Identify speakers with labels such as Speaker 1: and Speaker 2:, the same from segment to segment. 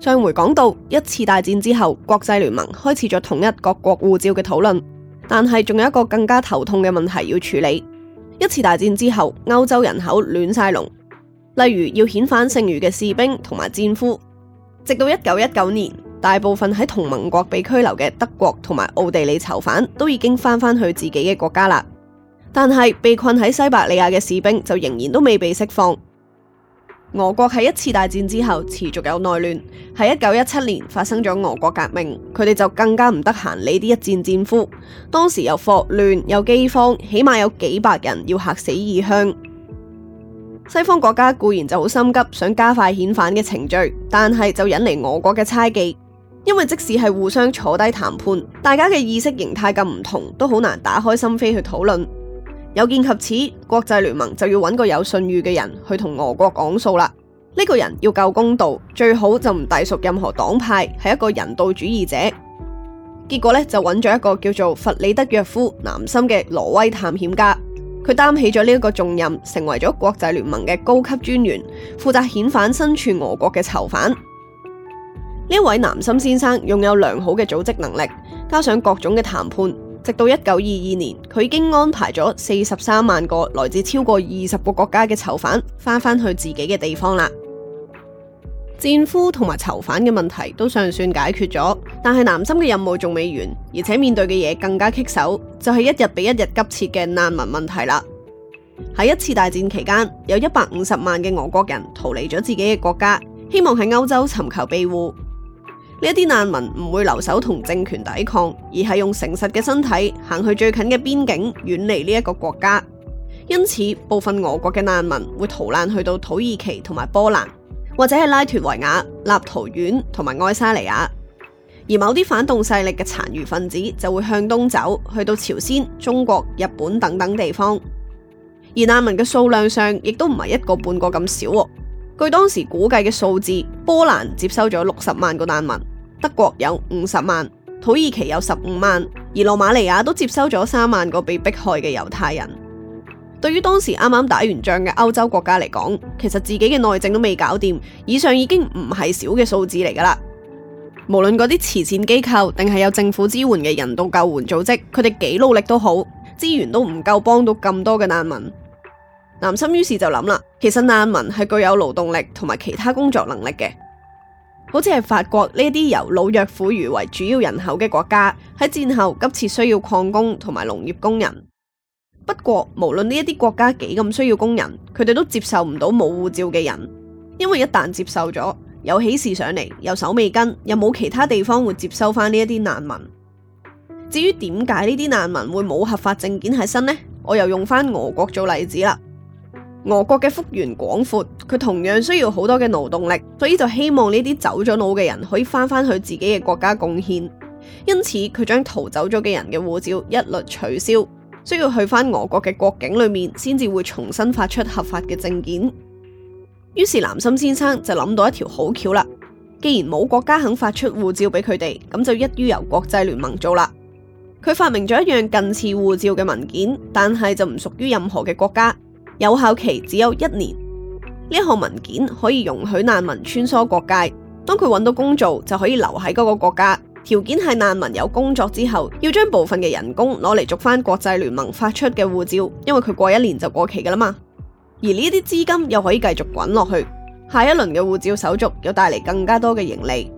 Speaker 1: 上回講到一次大戰之後，國際聯盟開始咗統一個各國護照嘅討論，但係仲有一個更加頭痛嘅問題要處理。一次大戰之後，歐洲人口亂晒龍，例如要遣返剩餘嘅士兵同埋戰俘。直到一九一九年，大部分喺同盟國被拘留嘅德國同埋奧地利囚犯都已經翻返去自己嘅國家啦，但係被困喺西伯利亞嘅士兵就仍然都未被釋放。俄國喺一次大戰之後持續有內亂，喺一九一七年發生咗俄國革命，佢哋就更加唔得閒理啲一戰戰俘。當時又霍亂又饑荒，起碼有幾百人要吓死異鄉。西方國家固然就好心急，想加快遣返嘅程序，但係就引嚟俄國嘅猜忌，因為即使係互相坐低談判，大家嘅意識形態咁唔同，都好難打開心扉去討論。有見及此，國際聯盟就要揾個有信譽嘅人去同俄國講數啦。呢個人要夠公道，最好就唔隸屬任何黨派，係一個人道主義者。結果咧就揾咗一個叫做弗里德約夫南森嘅挪威探險家，佢擔起咗呢一個重任，成為咗國際聯盟嘅高級專員，負責遣返身處俄國嘅囚犯。呢位南森先生擁有良好嘅組織能力，加上各種嘅談判。直到一九二二年，佢已經安排咗四十三萬個來自超過二十個國家嘅囚犯翻返去自己嘅地方啦。戰俘同埋囚犯嘅問題都尚算解決咗，但係南森嘅任務仲未完，而且面對嘅嘢更加棘手，就係、是、一日比一日急切嘅難民問題啦。喺一次大戰期間，有一百五十萬嘅俄國人逃離咗自己嘅國家，希望喺歐洲尋求庇護。呢啲難民唔會留守同政權抵抗，而係用誠實嘅身體行去最近嘅邊境，遠離呢一個國家。因此，部分俄國嘅難民會逃難去到土耳其同埋波蘭，或者係拉脫維亞、立陶宛同埋愛沙尼亞。而某啲反動勢力嘅殘餘分子就會向東走，去到朝鮮、中國、日本等等地方。而難民嘅數量上，亦都唔係一個半個咁少。據當時估計嘅數字，波蘭接收咗六十萬個難民。德國有五十萬，土耳其有十五萬，而羅馬尼亞都接收咗三萬個被迫害嘅猶太人。對於當時啱啱打完仗嘅歐洲國家嚟講，其實自己嘅內政都未搞掂，以上已經唔係少嘅數字嚟噶啦。無論嗰啲慈善機構定係有政府支援嘅人道救援組織，佢哋幾努力都好，資源都唔夠幫到咁多嘅難民。南森於是就諗啦，其實難民係具有勞動力同埋其他工作能力嘅。好似係法國呢啲由老弱婦孺為主要人口嘅國家，喺戰後急切需要礦工同埋農業工人。不過無論呢一啲國家幾咁需要工人，佢哋都接受唔到冇護照嘅人，因為一旦接受咗，有喜事上嚟，有手尾跟，又冇其他地方會接收翻呢一啲難民。至於點解呢啲難民會冇合法證件喺身呢？我又用翻俄國做例子啦。俄國嘅幅員廣闊，佢同樣需要好多嘅勞動力，所以就希望呢啲走咗佬嘅人可以翻翻去自己嘅國家貢獻。因此，佢將逃走咗嘅人嘅護照一律取消，需要去翻俄國嘅國境裏面先至會重新發出合法嘅證件。於是，南森先生就諗到一條好橋啦。既然冇國家肯發出護照俾佢哋，咁就一於由國際聯盟做啦。佢發明咗一樣近似護照嘅文件，但係就唔屬於任何嘅國家。有效期只有一年，呢一項文件可以容許難民穿梭國界，當佢揾到工做就可以留喺嗰個國家。條件係難民有工作之後，要將部分嘅人工攞嚟續翻國際聯盟發出嘅護照，因為佢過一年就過期噶啦嘛。而呢啲資金又可以繼續滾落去，下一輪嘅護照手續又帶嚟更加多嘅盈利。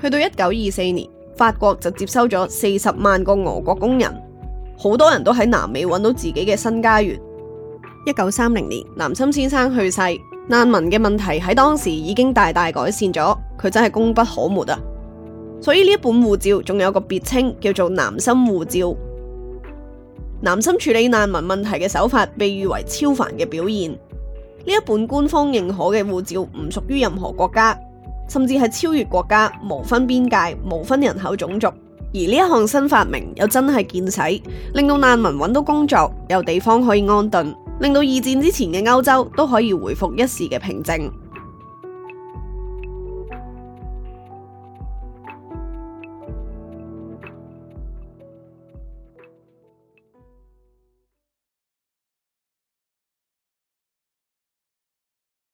Speaker 1: 去到一九二四年，法國就接收咗四十萬個俄國工人，好多人都喺南美揾到自己嘅新家園。一九三零年，南森先生去世。難民嘅問題喺當時已經大大改善咗，佢真係功不可沒啊！所以呢一本護照仲有個別稱叫做南森護照。南森處理難民問題嘅手法被譽為超凡嘅表現。呢一本官方認可嘅護照唔屬於任何國家，甚至係超越國家，無分邊界，無分人口種族。而呢一項新發明又真係見使，令到難民揾到工作，有地方可以安頓。令到二戰之前嘅歐洲都可以回復一時嘅平靜。